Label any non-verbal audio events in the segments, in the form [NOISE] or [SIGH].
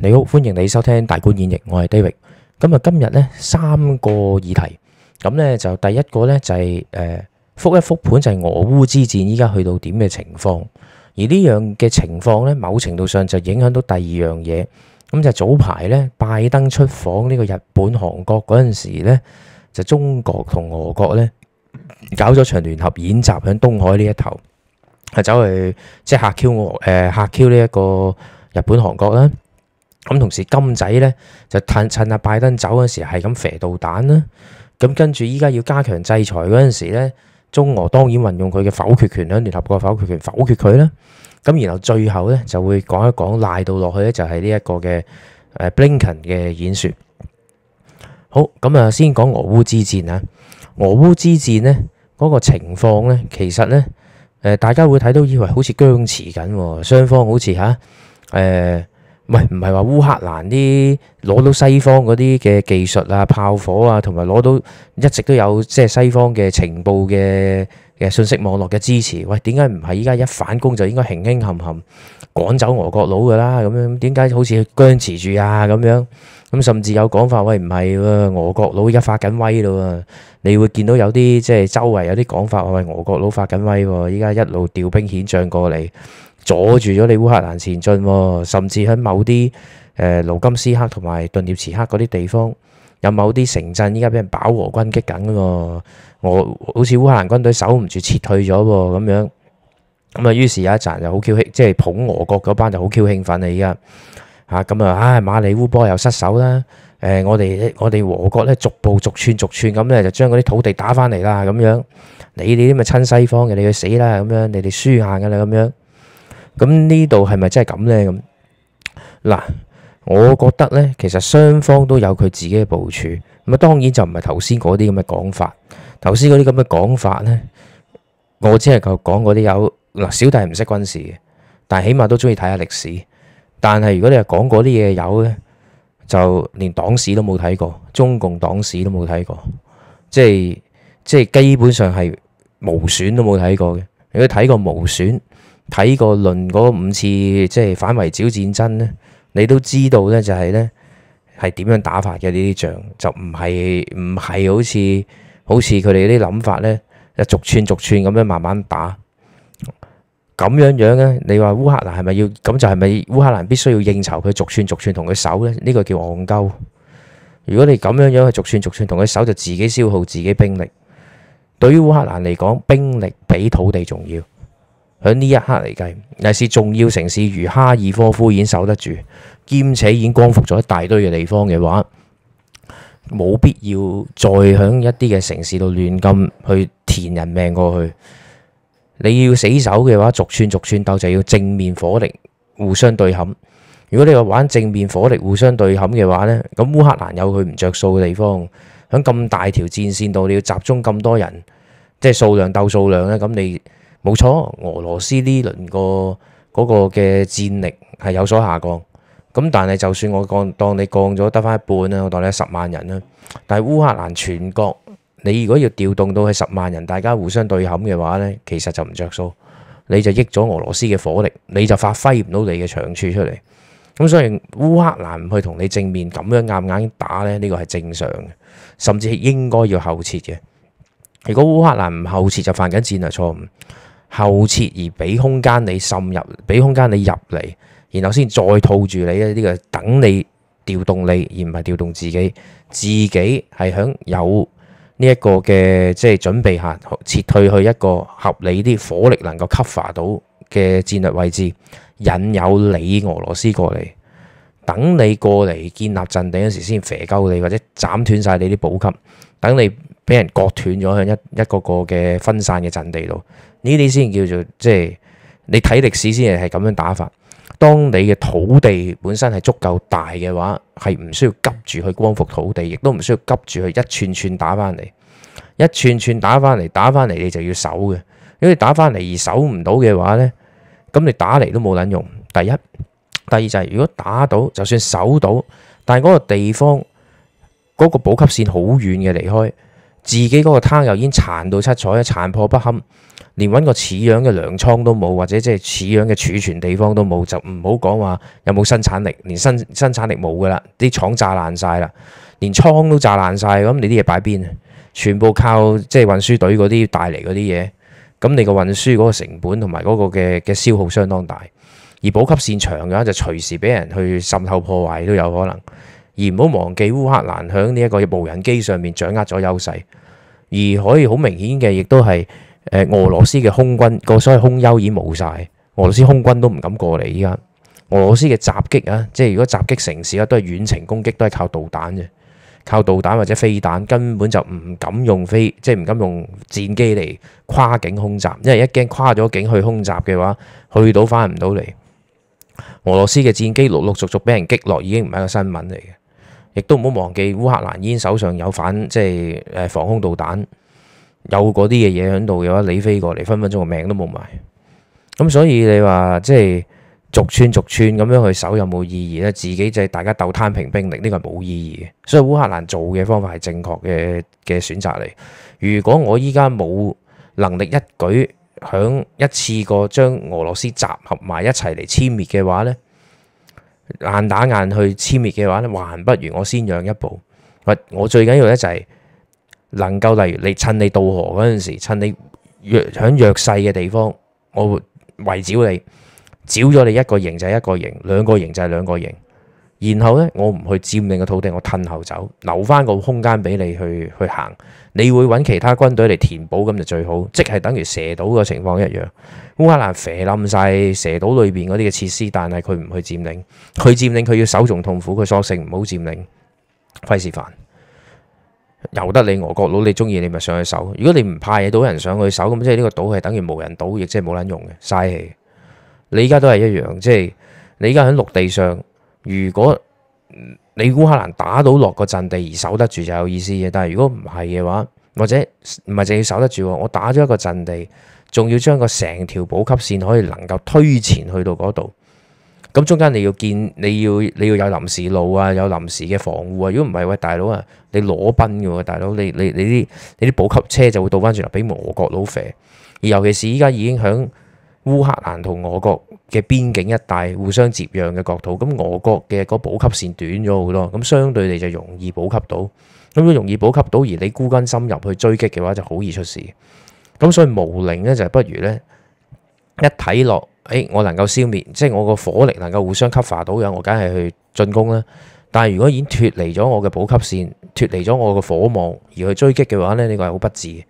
你好，歡迎你收聽大觀演繹。我係 David，咁啊，今日咧三個議題，咁咧就第一個咧就係誒復一復盤，就係、是呃、俄烏之戰，依家去到點嘅情況。而呢樣嘅情況咧，某程度上就影響到第二樣嘢，咁就早排咧拜登出訪呢個日本、韓國嗰陣時咧，就中國同俄國咧搞咗場聯合演習喺東海呢一頭，係走去即係吓 Q 我誒吓 Q 呢一個日本、韓國啦。咁同時，金仔咧就趁趁阿拜登走嗰時，係咁射導彈啦。咁跟住依家要加強制裁嗰陣時咧，中俄當然運用佢嘅否決權啦，聯合國否決權否決佢啦。咁然後最後咧就會講一講賴到落去咧，就、啊、係呢一個嘅誒 Blinken 嘅演説。好，咁啊先講俄烏之戰啊。俄烏之戰呢，嗰、那個情況咧，其實咧誒、呃、大家會睇到以為好似僵持緊，雙方好似嚇誒。啊呃喂，唔係話烏克蘭啲攞到西方嗰啲嘅技術啊、炮火啊，同埋攞到一直都有即係西方嘅情報嘅嘅信息網絡嘅支持。喂，點解唔係依家一反攻就應該輕輕冚冚趕走俄國佬㗎啦？咁樣點解好似僵持住啊？咁樣咁甚至有講法喂，唔係俄國佬一發緊威咯。你會見到有啲即係周圍有啲講法喂，俄國佬發緊威，依家一路調兵遣將過嚟。阻住咗你烏克蘭前進喎，甚至喺某啲誒盧金斯克同埋頓涅茨克嗰啲地方，有某啲城鎮依家俾人飽和軍擊緊喎，我好似烏克蘭軍隊守唔住撤退咗喎咁樣，咁啊於是有一陣就好 Q 興，即係捧俄國嗰班就好 Q 興奮啊，依家嚇咁啊。唉馬里烏波又失守啦，誒我哋我哋俄國咧逐步逐寸逐寸咁咧就將嗰啲土地打返嚟啦咁樣，你哋啲咪親西方嘅，你去死啦咁樣，你哋輸硬噶啦咁樣。咁呢度係咪真係咁呢？咁嗱，我覺得呢，其實雙方都有佢自己嘅部署。咁啊，當然就唔係頭先嗰啲咁嘅講法。頭先嗰啲咁嘅講法呢，我只係夠講嗰啲有嗱，小弟唔識軍事嘅，但係起碼都中意睇下歷史。但係如果你係講嗰啲嘢有呢，就連黨史都冇睇過，中共黨史都冇睇過，即係即係基本上係毛選都冇睇過嘅。如果睇過毛選，睇個論嗰五次即係反圍剿戰爭咧，你都知道咧就係咧係點樣打法嘅呢啲仗，就唔係唔係好似好似佢哋啲諗法咧，就逐串逐串咁樣慢慢打。咁樣樣咧，你話烏克蘭係咪要咁就係咪烏克蘭必須要應酬佢逐串逐串同佢守咧？呢個叫戇鳩。如果你咁樣樣去逐串逐串同佢守，就自己消耗自己兵力。對於烏克蘭嚟講，兵力比土地重要。喺呢一刻嚟計，尤其是重要城市如哈爾科夫，已經守得住，兼且已經光復咗一大堆嘅地方嘅話，冇必要再喺一啲嘅城市度亂咁去填人命過去。你要死守嘅話，逐寸逐寸鬥就要正面火力互相對撼。如果你話玩正面火力互相對撼嘅話呢，咁烏克蘭有佢唔着數嘅地方。喺咁大條戰線度，你要集中咁多人，即係數量鬥數量呢。咁你。冇錯，俄羅斯呢輪個嗰個嘅戰力係有所下降。咁但係就算我降，當你降咗得返一半啊，我當你十萬人啦。但係烏克蘭全國，你如果要調動到係十萬人，大家互相對撼嘅話呢，其實就唔着數。你就益咗俄羅斯嘅火力，你就發揮唔到你嘅長處出嚟。咁所以烏克蘭唔去同你正面咁樣硬硬打呢，呢個係正常嘅，甚至係應該要後撤嘅。如果烏克蘭唔後撤就犯緊戰略錯誤。後撤而俾空間你滲入，俾空間你入嚟，然後先再套住你咧呢個等你調動你，而唔係調動自己。自己係想有呢一個嘅即係準備下撤退去一個合理啲火力能夠 cover 到嘅戰略位置，引誘你俄羅斯過嚟，等你過嚟建立陣地嗰時先肥鳩你，或者斬斷晒你啲補給，等你。俾人割斷咗喺一一個個嘅分散嘅陣地度，呢啲先叫做即係你睇歷史先係咁樣打法。當你嘅土地本身係足夠大嘅話，係唔需要急住去光復土地，亦都唔需要急住去一串串打翻嚟，一串串打翻嚟，打翻嚟，你就要守嘅。如果你打翻嚟而守唔到嘅話呢，咁你打嚟都冇撚用。第一，第二就係、是、如果打到就算守到，但係嗰個地方嗰、那個補給線好遠嘅離開。自己嗰個攤又已經殘到七彩，殘破不堪，連揾個似樣嘅糧倉都冇，或者即係似樣嘅儲存地方都冇，就唔好講話有冇生產力，連生生產力冇噶啦，啲廠炸爛晒啦，連倉都炸爛晒。咁你啲嘢擺邊？全部靠即係運輸隊嗰啲帶嚟嗰啲嘢，咁你個運輸嗰個成本同埋嗰個嘅嘅消耗相當大，而補給線長嘅話，就隨時俾人去滲透破壞都有可能。而唔好忘記烏克蘭喺呢一個無人機上面掌握咗優勢，而可以好明顯嘅，亦都係誒俄羅斯嘅空軍個所謂空優已冇晒，俄羅斯空軍都唔敢過嚟依家。俄羅斯嘅襲擊啊，即係如果襲擊城市啊，都係遠程攻擊，都係靠導彈嘅。靠導彈或者飛彈，根本就唔敢用飛，即係唔敢用戰機嚟跨境空襲，因為一驚跨咗境去空襲嘅話，去到翻唔到嚟。俄羅斯嘅戰機陸陸續續俾人擊落，已經唔係一個新聞嚟嘅。亦都唔好忘記烏克蘭，煙手上有反即係防空導彈，有嗰啲嘅嘢喺度嘅話，你飛過嚟分分鐘個命都冇埋。咁所以你話即係逐村逐村咁樣去守有冇意義呢？自己就係大家鬥攤平兵力呢個係冇意義嘅。所以烏克蘭做嘅方法係正確嘅嘅選擇嚟。如果我依家冇能力一舉響一次過將俄羅斯集合埋一齊嚟殲滅嘅話呢。硬打硬去殲滅嘅話咧，還不如我先讓一步。我我最緊要咧就係能夠，例如你趁你渡河嗰陣時，趁你弱響弱勢嘅地方，我會圍剿你，剿咗你一個營就係一個營，兩個營就係兩個營。然後呢，我唔去佔領個土地，我褪後走，留翻個空間俾你去去行。你會揾其他軍隊嚟填補，咁就最好。即係等於蛇島嘅情況一樣。烏克蘭肥冧晒蛇島裏邊嗰啲嘅設施，但係佢唔去佔領。佢佔領佢要守仲痛苦，佢索性唔好佔領，費事煩。由得你俄國佬，你中意你咪上去守。如果你唔派到人上去守，咁即係呢個島係等於無人島，亦即係冇撚用嘅，嘥氣。你依家都係一樣，即係你依家喺陸地上。如果你烏克蘭打到落個陣地而守得住就有意思嘅，但係如果唔係嘅話，或者唔係淨要守得住，我打咗一個陣地，仲要將個成條補給線可以能夠推前去到嗰度，咁中間你要見，你要你要有臨時路啊，有臨時嘅防護啊，如果唔係，喂，大佬啊，你裸奔嘅大佬，你你你啲你啲補給車就會倒翻轉頭俾俄國佬射，而尤其是依家已經響。烏克蘭同我國嘅邊境一帶互相接壤嘅國土，咁我國嘅個補給線短咗好多，咁相對地就容易補給到，咁容易補給到，而你孤軍深入去追擊嘅話，就好易出事。咁所以無零咧就不如咧一睇落，哎，我能夠消滅，即係我個火力能夠互相吸 o v e r 到嘅，我梗係去進攻啦。但係如果已經脫離咗我嘅補給線，脫離咗我嘅火網而去追擊嘅話咧，呢、這個係好不智嘅。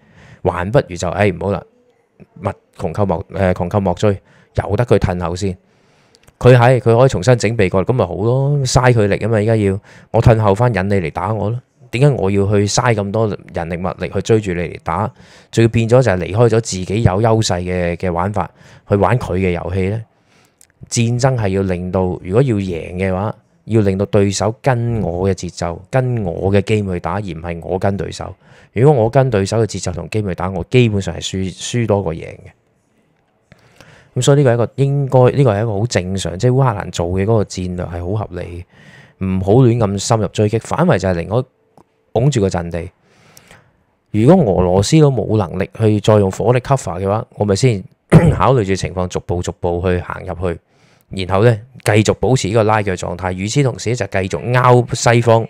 還不如就哎，唔好啦。欸勿窮寇莫，誒，窮寇莫追，由得佢褪後先。佢喺，佢可以重新整備過，咁咪好咯，嘥佢力啊嘛！而家要我褪後翻，引你嚟打我咯。點解我要去嘥咁多人力物力去追住你嚟打？仲要變咗就係離開咗自己有優勢嘅嘅玩法，去玩佢嘅遊戲咧？戰爭係要令到，如果要贏嘅話。要令到對手跟我嘅節奏，跟我嘅機會去打，而唔係我跟對手。如果我跟對手嘅節奏同機會去打，我基本上係輸輸多過贏嘅。咁、嗯、所以呢個係一個應該，呢個係一個好正常，即係烏克蘭做嘅嗰個戰略係好合理，唔好亂咁深入追擊，反為就係另我拱住個陣地。如果俄羅斯都冇能力去再用火力 cover 嘅話，我咪先 [COUGHS] 考慮住情況，逐步逐步去行入去。然後咧，繼續保持呢個拉鋸狀態。與此同時就繼續拗西方，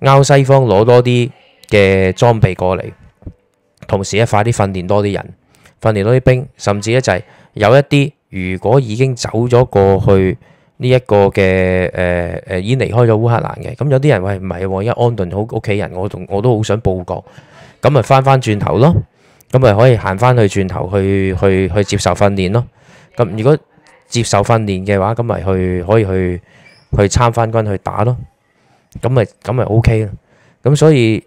拗西方攞多啲嘅裝備過嚟，同時咧快啲訓練多啲人，訓練多啲兵，甚至咧就係有一啲如果已經走咗過去呢一個嘅誒誒，已經離開咗烏克蘭嘅咁，有啲人喂唔係、啊，因為安頓好屋企人我，我仲我都好想報國，咁咪翻翻轉頭咯，咁咪可以行翻去轉頭去去去，去接受訓練咯。咁如果接受訓練嘅話，咁咪去可以去可以去，去參翻軍去打咯，咁咪咁咪 OK 咯。咁所以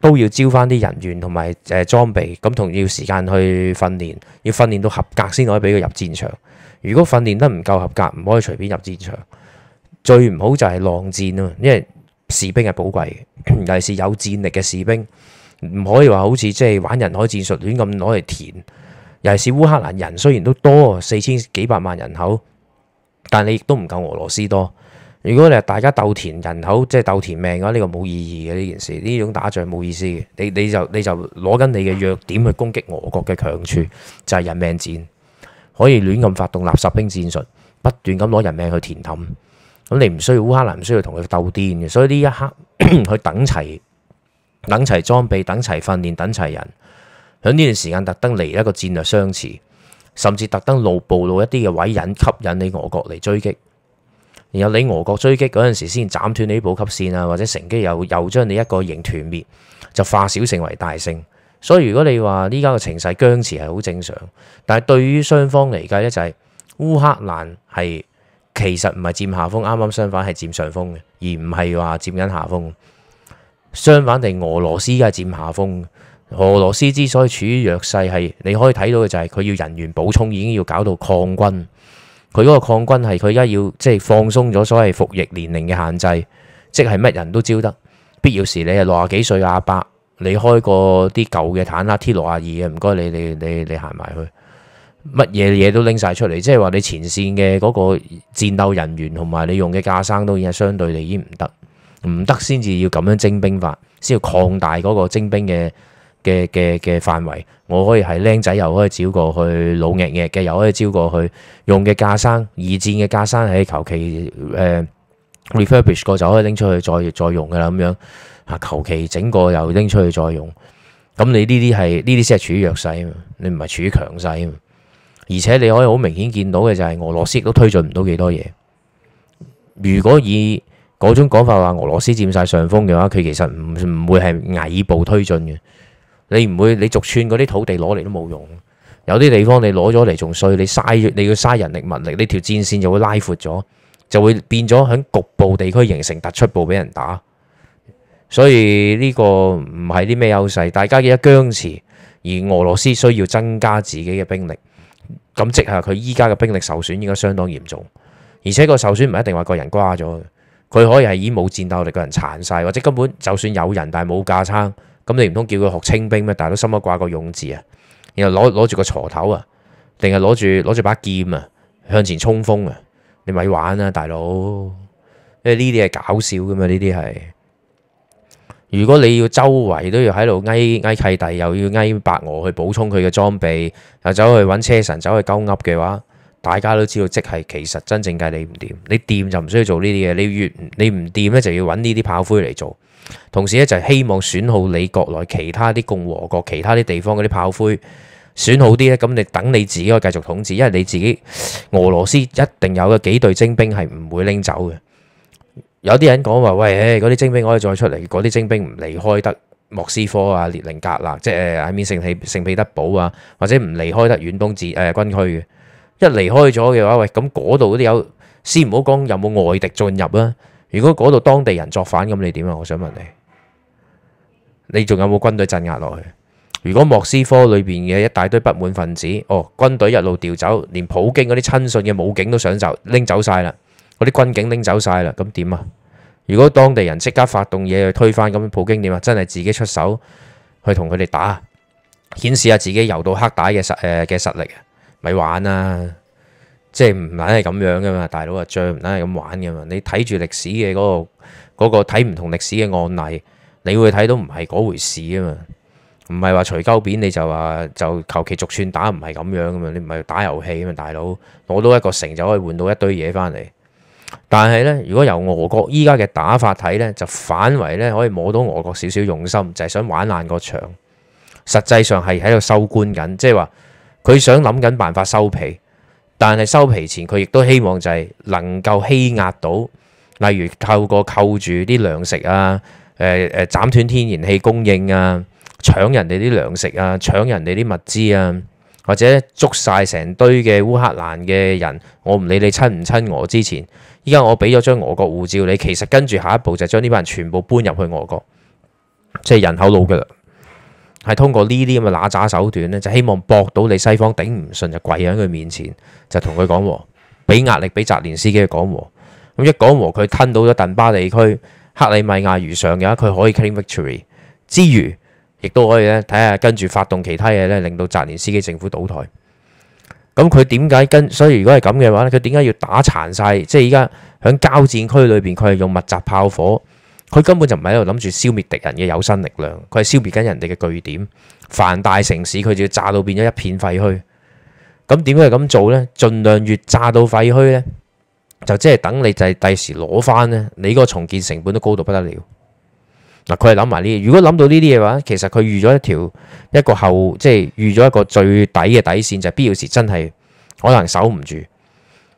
都要招翻啲人員同埋誒裝備，咁同要時間去訓練，要訓練到合格先可以俾佢入戰場。如果訓練得唔夠合格，唔可以隨便入戰場。最唔好就係浪戰咯，因為士兵係寶貴嘅，尤其是有戰力嘅士兵，唔可以話好似即係玩人海戰術亂咁攞嚟填。尤其是烏克蘭人，雖然都多四千幾百萬人口，但你亦都唔夠俄羅斯多。如果你話大家鬥填人口，即係鬥填命嘅話，呢、這個冇意義嘅呢件事，呢種打仗冇意思嘅。你你就你就攞緊你嘅弱點去攻擊俄國嘅強處，就係、是、人命戰，可以亂咁發動垃圾兵戰術，不斷咁攞人命去填氹。咁你唔需要烏克蘭，唔需要同佢鬥癲嘅。所以呢一刻，去 [COUGHS] 等齊、等齊裝備、等齊訓練、等齊人。喺呢段時間特登嚟一個戰略相持，甚至特登露暴露一啲嘅位引吸引你俄國嚟追擊，然後你俄國追擊嗰陣時先斬斷你啲補給線啊，或者乘機又又將你一個營團滅，就化小勝為大勝。所以如果你話依家嘅情勢僵持係好正常，但係對於雙方嚟計呢，就係烏克蘭係其實唔係佔下風，啱啱相反係佔上風嘅，而唔係話佔緊下風。相反地，俄羅斯梗係佔下風。俄羅斯之所以處於弱勢，係你可以睇到嘅就係佢要人員補充，已經要搞到擴軍，佢嗰個擴軍，係佢而家要即係、就是、放鬆咗所謂服役年齡嘅限制，即係乜人都招得，必要時你係六十幾歲阿伯，你開個啲舊嘅坦克 T 六廿二嘅，唔該你你你你行埋去，乜嘢嘢都拎晒出嚟，即係話你前線嘅嗰個戰鬥人員同埋你用嘅架生都已經係相對地已經唔得，唔得先至要咁樣徵兵法，先要擴大嗰個征兵嘅。嘅嘅嘅範圍，我可以係靚仔又可以照過去老硬嘅，又可以招過去用嘅架生，二戰嘅架生，係求其誒 refurbish 過就可以拎出去再再用噶啦。咁樣啊，求其整過又拎出去再用。咁你呢啲係呢啲，先係處於弱勢嘛，你唔係處於強勢嘛。而且你可以好明顯見到嘅就係俄羅斯都推進唔到幾多嘢。如果以嗰種講法話，俄羅斯佔晒上風嘅話，佢其實唔唔會係蟻步推進嘅。你唔會，你逐寸嗰啲土地攞嚟都冇用。有啲地方你攞咗嚟仲衰，你嘥，你要嘥人力物力，呢條戰線就會拉闊咗，就會變咗喺局部地區形成突出部俾人打。所以呢個唔係啲咩優勢，大家嘅一僵持，而俄羅斯需要增加自己嘅兵力。咁即係佢依家嘅兵力受損應該相當嚴重，而且個受損唔一定話個人瓜咗，佢可以係已經冇戰鬥力個人殘晒，或者根本就算有人但係冇架撐。咁你唔通叫佢學清兵咩？大佬心口掛個勇字啊，然後攞攞住個鋤頭啊，定係攞住攞住把劍啊，向前衝鋒啊！你咪玩啊大佬，因為呢啲係搞笑噶嘛，呢啲係。如果你要周圍都要喺度嗌嗌契弟，又要嗌白俄去補充佢嘅裝備，又走去搵車臣，走去鳩噏嘅話。大家都知道即，即係其實真正嘅你唔掂，你掂就唔需要做呢啲嘢。你越你唔掂咧，就要揾呢啲炮灰嚟做。同時咧，就係、希望損耗你國內其他啲共和國、其他啲地方嗰啲炮灰選好，損耗啲咧，咁你等你自己可以繼續統治，因為你自己俄羅斯一定有嘅幾隊精兵係唔會拎走嘅。有啲人講話，喂，嗰啲精兵可以再出嚟，嗰啲精兵唔離開得莫斯科啊、列寧格勒，即係喺面聖彼得堡啊，或者唔離開得遠東自誒、呃、軍區嘅。一離開咗嘅話，喂，咁嗰度嗰啲有，先唔好講有冇外敵進入啊。如果嗰度當地人作反，咁你點啊？我想問你，你仲有冇軍隊鎮壓落去？如果莫斯科裏邊嘅一大堆不滿分子，哦，軍隊一路調走，連普京嗰啲親信嘅武警都想走，拎走晒啦，嗰啲軍警拎走晒啦，咁點啊？如果當地人即刻發動嘢去推翻，咁普京點啊？真係自己出手去同佢哋打，顯示下自己柔道黑帶嘅實誒嘅實力。咪玩啦，即係唔撚係咁樣噶嘛，大佬啊，最唔撚係咁玩噶嘛。你睇住歷史嘅嗰個嗰個睇唔同歷史嘅案例，你會睇到唔係嗰回事啊嘛。唔係話隨鳩扁你就話就求其逐串打，唔係咁樣啊嘛。你唔係打遊戲啊嘛，大佬，攞到一個城就可以換到一堆嘢翻嚟。但係咧，如果由俄國依家嘅打法睇咧，就反為咧可以摸到俄國少少用心，就係想玩爛個場。實際上係喺度收官緊，即係話。佢想諗緊辦法收皮，但係收皮前佢亦都希望就係能夠欺壓到，例如透過扣住啲糧食啊，誒、呃、誒斬斷天然氣供應啊，搶人哋啲糧食啊，搶人哋啲物資啊，或者捉晒成堆嘅烏克蘭嘅人，我唔理你親唔親我之前，依家我俾咗張俄國護照你，你其實跟住下一步就將呢班人全部搬入去俄國，即係人口老嘅啦。係通過呢啲咁嘅揦渣手段咧，就希望博到你西方頂唔順就跪喺佢面前，就同佢講和，俾壓力俾澤連斯基去講和。咁一講和佢吞到咗頓巴斯地區、克里米亞如上嘅話，佢可以 claim victory 之餘，亦都可以咧睇下跟住發動其他嘢咧，令到澤連斯基政府倒台。咁佢點解跟？所以如果係咁嘅話咧，佢點解要打殘晒？即係依家喺交戰區裏邊，佢係用密集炮火。佢根本就唔喺度諗住消滅敵人嘅有生力量，佢係消滅緊人哋嘅據點，凡大城市佢就要炸到變咗一片廢墟。咁點解咁做呢？盡量越炸到廢墟呢，就即係等你就係第時攞翻咧，你個重建成本都高到不得了。嗱，佢係諗埋呢，如果諗到呢啲嘅話，其實佢預咗一條一個後，即係預咗一個最底嘅底線，就係必要時真係可能守唔住，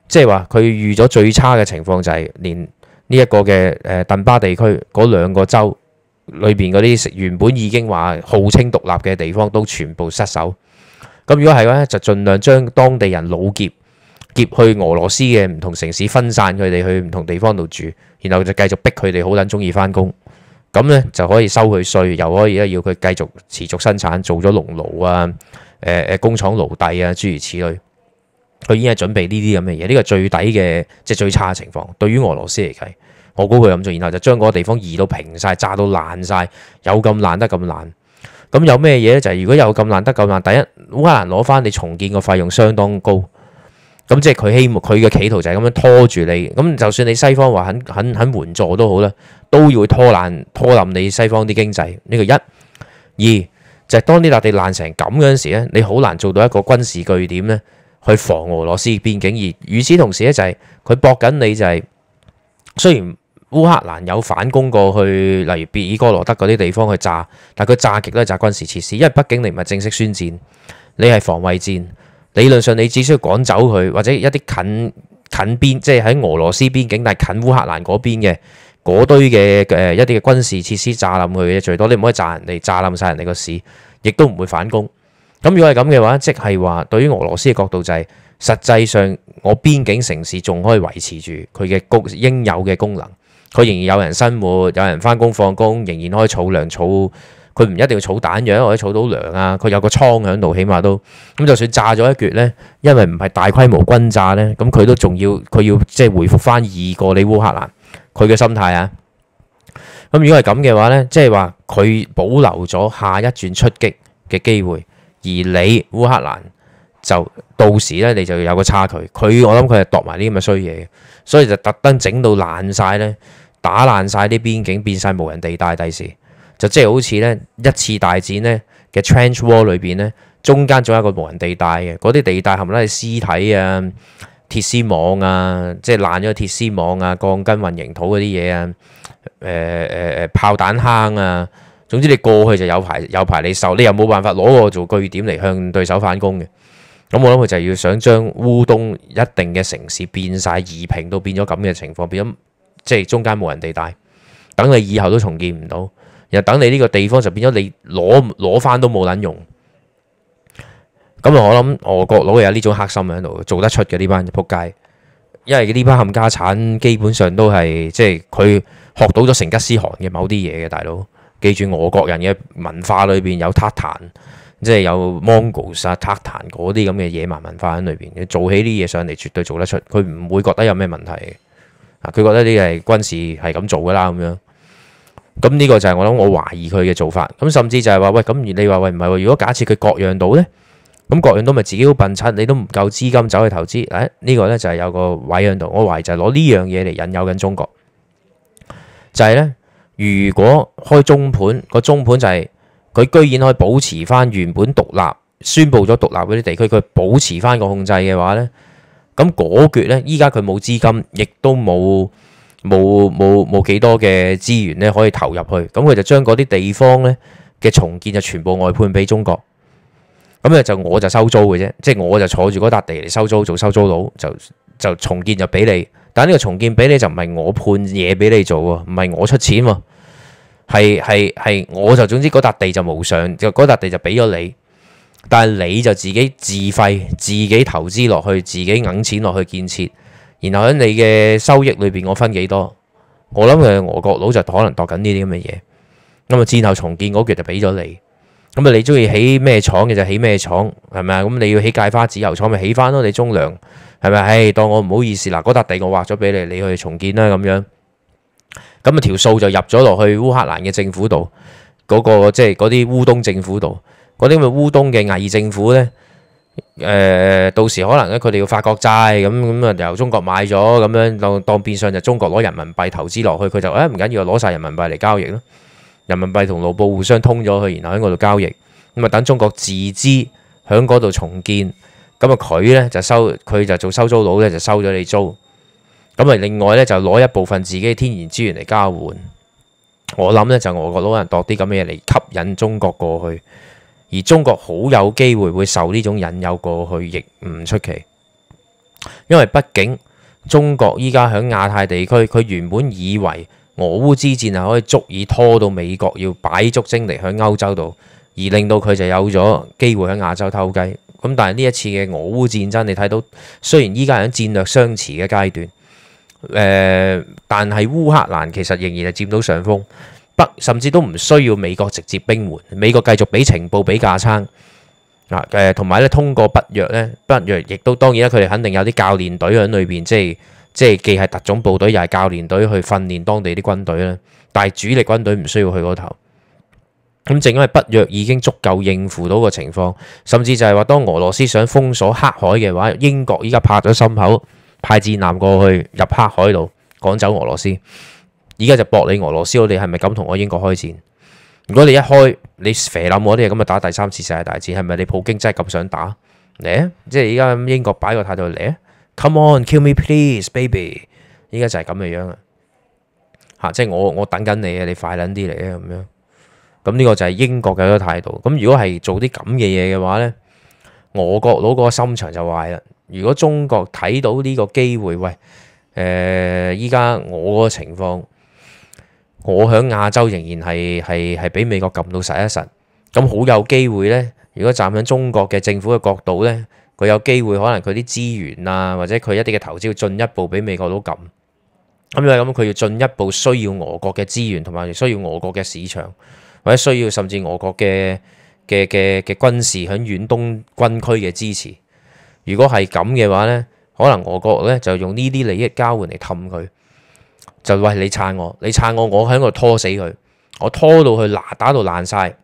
即係話佢預咗最差嘅情況就係連。呢一個嘅誒頓巴地區嗰兩個州裏邊嗰啲食原本已經話號稱獨立嘅地方都全部失守。咁如果係咧，就盡量將當地人老劫劫去俄羅斯嘅唔同城市，分散佢哋去唔同地方度住，然後就繼續逼佢哋好撚鍾意返工。咁咧就可以收佢稅，又可以咧要佢繼續持續生產，做咗農奴啊、誒誒工廠奴隸啊，諸如此類。佢已經係準備呢啲咁嘅嘢，呢個係最底嘅，即係最差嘅情況。對於俄羅斯嚟計，我估佢咁做，然後就將嗰個地方移到平晒，炸到爛晒。有咁爛得咁爛。咁有咩嘢咧？就係、是、如果有咁爛得咁爛，第一好難攞翻你重建個費用，相當高。咁即係佢希望佢嘅企圖就係咁樣拖住你。咁就算你西方話肯肯，肯援助都好啦，都要拖爛拖冧你西方啲經濟呢、這個一。二就係、是、當呢笪地爛成咁嗰陣時咧，你好難做到一個軍事據點咧。去防俄羅斯邊境，而與此同時咧、就係，駁就係佢搏緊你，就係雖然烏克蘭有反攻過去，例如別爾哥羅德嗰啲地方去炸，但佢炸極都係炸軍事設施，因為畢竟你唔係正式宣戰，你係防衞戰，理論上你只需要趕走佢，或者一啲近近邊，即係喺俄羅斯邊境但係近烏克蘭嗰邊嘅嗰堆嘅誒一啲嘅軍事設施炸冧佢嘅，最多你唔可以炸人哋，炸冧晒人哋個市，亦都唔會反攻。咁如果係咁嘅話，即係話對於俄羅斯嘅角度就係，實際上我邊境城市仲可以維持住佢嘅功應有嘅功能，佢仍然有人生活，有人翻工放工，仍然可以儲糧儲，佢唔一定要儲彈藥，可以儲到糧啊。佢有個倉喺度，起碼都咁，就算炸咗一撅呢，因為唔係大規模轟炸呢，咁佢都仲要佢要即係回復翻二個你烏克蘭佢嘅心態啊。咁如果係咁嘅話呢，即係話佢保留咗下一轉出擊嘅機會。而你烏克蘭就到時咧，你就要有個差距。佢我諗佢係度埋啲咁嘅衰嘢，所以就特登整到爛晒咧，打爛晒啲邊境，變晒無人地帶。第時就即係好似咧一次大戰咧嘅 Trench War 裏邊咧，中間仲有一個無人地帶嘅。嗰啲地帶含埋啲屍體啊、鐵絲網啊、即係爛咗嘅鐵絲網啊、鋼筋混凝土嗰啲嘢啊、誒誒誒炮彈坑啊。總之，你過去就有排有排你受，你又冇辦法攞個做據點嚟向對手反攻嘅。咁我諗佢就要想將烏東一定嘅城市變晒，夷平到變咗咁嘅情況，變咗即係中間冇人地帶，等你以後都重建唔到，又等你呢個地方就變咗你攞攞翻都冇撚用。咁啊，我諗俄國佬有呢種黑心喺度做得出嘅呢班撲街，因為呢班冚家產基本上都係即係佢學到咗成吉思汗嘅某啲嘢嘅大佬。記住，俄國人嘅文化裏邊有韃靼，即係有 Mongols t 啊韃靼嗰啲咁嘅野蠻文化喺裏邊嘅，做起啲嘢上嚟絕對做得出，佢唔會覺得有咩問題啊！佢覺得呢啲軍事係咁做噶啦，咁樣。咁、這、呢個就係我諗，我懷疑佢嘅做法。咁甚至就係話喂，咁你話喂唔係喎？如果假設佢割讓到呢，咁割讓到咪自己都笨柒，你都唔夠資金走去投資？誒、哎，呢、這個呢，就係、是、有個位喺度，我懷疑就係攞呢樣嘢嚟引誘緊中國，就係、是、呢。如果開中盤，個中盤就係佢居然可以保持翻原本獨立，宣布咗獨立嗰啲地區，佢保持翻個控制嘅話呢咁嗰橛咧，依家佢冇資金，亦都冇冇冇冇幾多嘅資源咧，可以投入去，咁佢就將嗰啲地方呢嘅重建就全部外判俾中國，咁咧就我就收租嘅啫，即係我就坐住嗰笪地嚟收租做收租佬，就就重建就俾你。但呢個重建俾你就唔係我判嘢俾你做喎，唔係我出錢喎，係係係我就總之嗰笪地就無償，就嗰笪地就俾咗你，但係你就自己自費，自己投資落去，自己揞錢落去建設，然後喺你嘅收益裏邊我分幾多，我諗佢係俄國佬就可能度緊呢啲咁嘅嘢，咁啊戰後重建嗰橛就俾咗你。咁你中意起咩廠嘅就起咩廠，係咪？咁你要起芥花籽油廠咪起翻咯，你中糧係咪？唉，當我唔好意思嗱，嗰笪地我劃咗俾你，你去重建啦咁樣。咁啊條數就入咗落去烏克蘭嘅政府度，嗰、嗰個即係嗰啲烏東政府度，嗰啲咪烏東嘅偽政府呢？誒、呃，到時可能佢哋要發國債咁，咁由中國買咗咁樣，當當變相就中國攞人民幣投資落去，佢就誒唔緊要攞晒人民幣嚟交易咯。人民幣同盧布互相通咗去，然後喺嗰度交易，咁啊等中國自資喺嗰度重建，咁啊佢咧就收佢就做收租佬咧就收咗你租，咁啊另外咧就攞一部分自己嘅天然資源嚟交換，我諗咧就俄國佬攞度啲咁嘅嘢嚟吸引中國過去，而中國好有機會會受呢種引誘過去，亦唔出奇，因為畢竟中國依家喺亞太地區，佢原本以為。俄烏之戰係可以足以拖到美國要擺足精力喺歐洲度，而令到佢就有咗機會喺亞洲偷雞。咁但係呢一次嘅俄烏戰爭，你睇到雖然依家係喺戰略相持嘅階段，呃、但係烏克蘭其實仍然係佔到上風，甚至都唔需要美國直接兵援。美國繼續俾情報、俾架撐同埋咧，通過不約呢。北約亦都當然啦，佢哋肯定有啲教練隊喺裏邊，即係。即係既係特種部隊又係教練隊去訓練當地啲軍隊啦，但係主力軍隊唔需要去嗰頭。咁正因為北約已經足夠應付到個情況，甚至就係話當俄羅斯想封鎖黑海嘅話，英國依家拍咗心口派戰艦過去入黑海度趕走俄羅斯。依家就駁你俄羅斯，我哋係咪咁同我英國開戰？如果你一開你肥諗我啲嘢，咁就打第三次世界大戰。係咪你普京真係咁想打嚟啊？即係依家英國擺個態度嚟啊！Come on, kill me please, baby！依家就係咁嘅樣啊，吓即係我我等緊你啊，你快捻啲嚟啊咁樣。咁呢個就係英國嘅一個態度。咁如果係做啲咁嘅嘢嘅話咧，俄國佬個心腸就壞啦。如果中國睇到呢個機會，喂，誒，依家我個情況，我響亞洲仍然係係係俾美國撳到實一實，咁好有機會咧。如果站響中國嘅政府嘅角度咧。佢有機會可能佢啲資源啊，或者佢一啲嘅投資要進一步俾美國都撳，咁因為咁佢要進一步需要俄國嘅資源，同埋需要俄國嘅市場，或者需要甚至俄國嘅嘅嘅嘅軍事喺遠東軍區嘅支持。如果係咁嘅話咧，可能俄國咧就用呢啲利益交換嚟氹佢，就話：「你撐我，你撐我，我喺度拖死佢，我拖到佢嗱打到爛晒。」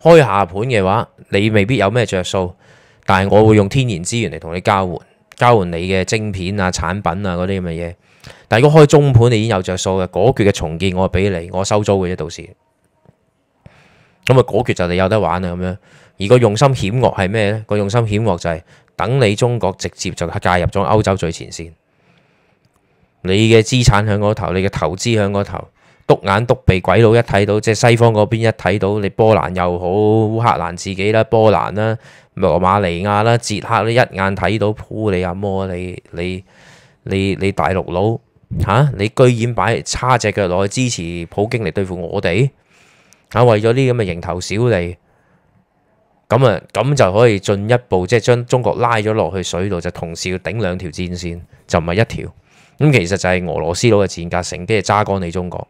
開下盤嘅話，你未必有咩着數。但係我會用天然資源嚟同你交換，交換你嘅晶片啊、產品啊嗰啲咁嘅嘢。但係如果開中盤你已經有着數嘅，嗰橛嘅重建我俾你，我收租嘅啫，到時。咁啊，嗰橛就你有得玩啦咁樣。而個用心險惡係咩呢？個用心險惡就係等你中國直接就係介入咗歐洲最前線，你嘅資產響嗰頭，你嘅投資響嗰頭。篤眼篤鼻鬼佬一睇到，即係西方嗰邊一睇到，你波蘭又好，烏克蘭自己啦，波蘭啦，羅馬尼亞啦，捷克咧，一眼睇到，撲你阿媽，你你你你大陸佬吓、啊，你居然擺叉隻腳落去支持普京嚟對付我哋吓、啊，為咗呢啲咁嘅蠅頭小利，咁啊咁就可以進一步即係將中國拉咗落去水度，就同時要頂兩條戰線，就唔係一條，咁其實就係俄羅斯佬嘅賤格，成日揸乾你中國。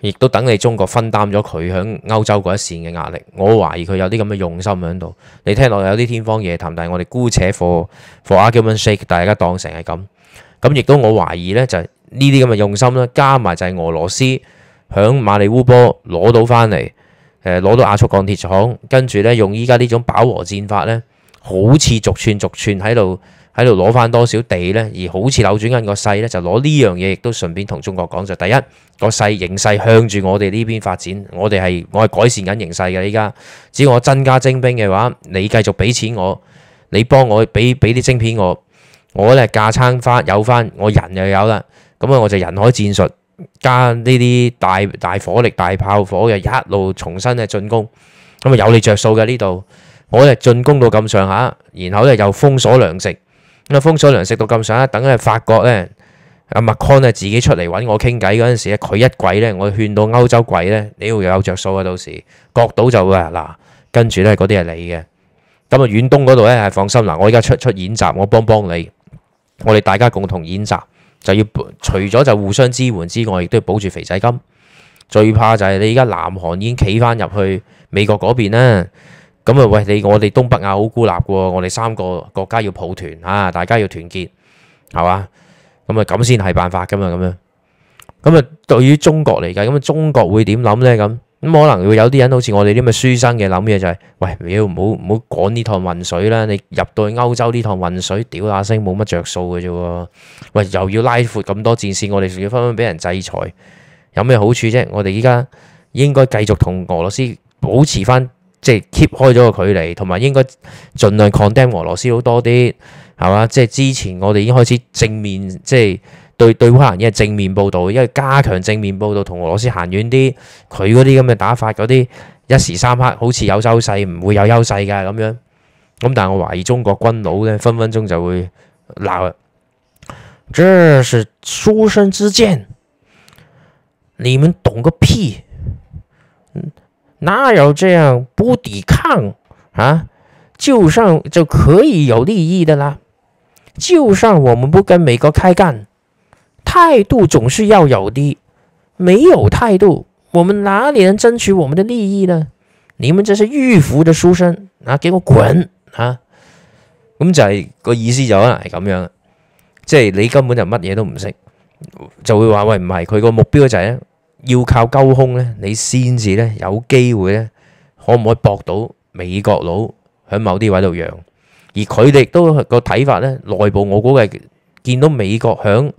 亦都等你中國分擔咗佢響歐洲嗰一線嘅壓力。我懷疑佢有啲咁嘅用心喺度。你聽落有啲天方夜譚，但係我哋姑且 for for argument sake，大家當成係咁咁。亦都我懷疑呢，就係呢啲咁嘅用心啦。加埋就係俄羅斯響馬里烏波攞到翻嚟，誒，攞到亞速鋼鐵廠，跟住呢，用依家呢種飽和戰法呢，好似逐寸逐寸喺度。喺度攞翻多少地咧，而好似扭轉緊個勢咧，就攞呢樣嘢，亦都順便同中國講，就第一個勢形勢向住我哋呢邊發展。我哋係我係改善緊形勢嘅。依家只要我增加精兵嘅話，你繼續俾錢我，你幫我俾俾啲晶片我，我咧架撐翻有翻，我人又有啦，咁啊我就人海戰術加呢啲大大火力大炮火嘅一路重新嘅進攻，咁啊有你着數嘅呢度，我咧進攻到咁上下，然後咧又封鎖糧食。咁啊，封鎖糧食到咁上下！等佢發覺咧，阿麥康咧自己出嚟揾我傾偈嗰陣時佢一鬼咧，我勸到歐洲鬼咧，你要有着數啊！到時割到就會話嗱，跟住咧嗰啲係你嘅。咁啊，遠東嗰度咧係放心嗱，我而家出出演習，我幫幫你，我哋大家共同演習，就要除咗就互相支援之外，亦都要保住肥仔金。最怕就係你而家南韓已經企翻入去美國嗰邊咧。咁啊，喂你我哋東北亞好孤立嘅喎，我哋三個國家要抱團，啊，大家要團結，係嘛？咁啊，咁先係辦法嘅嘛，咁樣。咁啊，對於中國嚟講，咁啊，中國會點諗呢？咁咁可能會有啲人好似我哋啲咁嘅書生嘅諗嘢就係、是，喂，要唔好唔好趕呢趟混水啦，你入到去歐洲呢趟混水，屌下聲冇乜着數嘅啫喎。喂，又要拉闊咁多戰線，我哋仲要分分俾人制裁，有咩好處啫？我哋依家應該繼續同俄羅斯保持翻。即係 keep 開咗個距離，同埋應該盡量 condemn 俄羅斯好多啲，係嘛？即係之前我哋已經開始正面，即係對對烏克蘭已係正面報導，因為加強正面報導，同俄羅斯行遠啲。佢嗰啲咁嘅打法，嗰啲一時三刻好似有優勢，唔會有優勢㗎咁樣。咁但係我懷疑中國軍佬咧，分分鐘就會鬧。這是書生之見，你們懂個屁！哪有這樣不抵抗啊？就上就可以有利益的啦，就算我們不跟美國開幹，態度總是要有的。沒有態度，我們哪裏能爭取我們的利益呢？你們這些迂腐的書生，啊，給我滾啊！咁就係個意思就可能係咁樣，即係你根本就乜嘢都唔識，就會話喂，唔係佢個目標就係、是要靠溝空咧，你先至咧有機會咧，可唔可以搏到美國佬喺某啲位度讓？而佢哋都個睇法咧，內部我估計係見到美國喺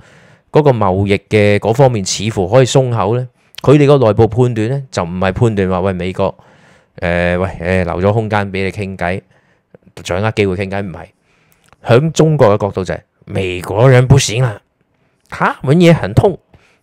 嗰個貿易嘅嗰方面似乎可以鬆口咧，佢哋個內部判斷咧就唔係判斷話喂美國誒、呃、喂誒、呃、留咗空間俾你傾偈，掌握機會傾偈唔係喺中國嘅角度就係。美國人不行啦、啊，搵嘢行通。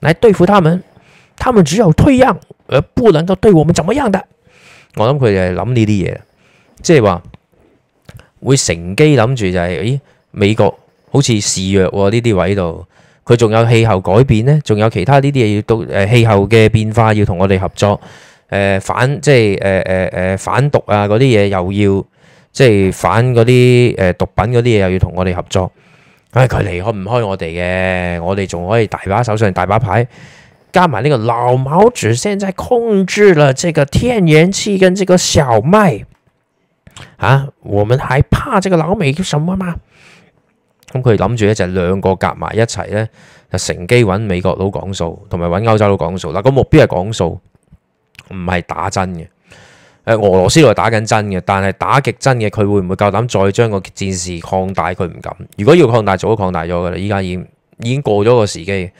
嚟對付他們，他們只有退讓，而不能夠對我們怎麼樣的。我諗佢哋係諗呢啲嘢，即係話會乘機諗住就係、是，咦美國好似示弱呢、啊、啲位度，佢仲有氣候改變呢，仲有其他呢啲嘢要到氣候嘅變化要同我哋合作，誒、呃、反即係誒誒誒反毒啊嗰啲嘢又要，即係反嗰啲誒毒品嗰啲嘢又要同我哋合作。哎，佢離開唔開我哋嘅，我哋仲可以大把手上大把牌，加埋呢個老毛子，現在控制啦，這個天然氣跟這個小麥啊，我們還怕這個老美叫「什麼嘛」嗯。咁佢諗住咧就兩個夾埋一齊咧，就乘機搵美國佬講數，同埋搵歐洲佬講數。嗱、那個目標係講數，唔係打真嘅。誒，俄羅斯度打緊真嘅，但係打極真嘅，佢會唔會夠膽再將個戰事擴大？佢唔敢。如果要擴大，早都擴大咗㗎啦。依家已經已經過咗個時機，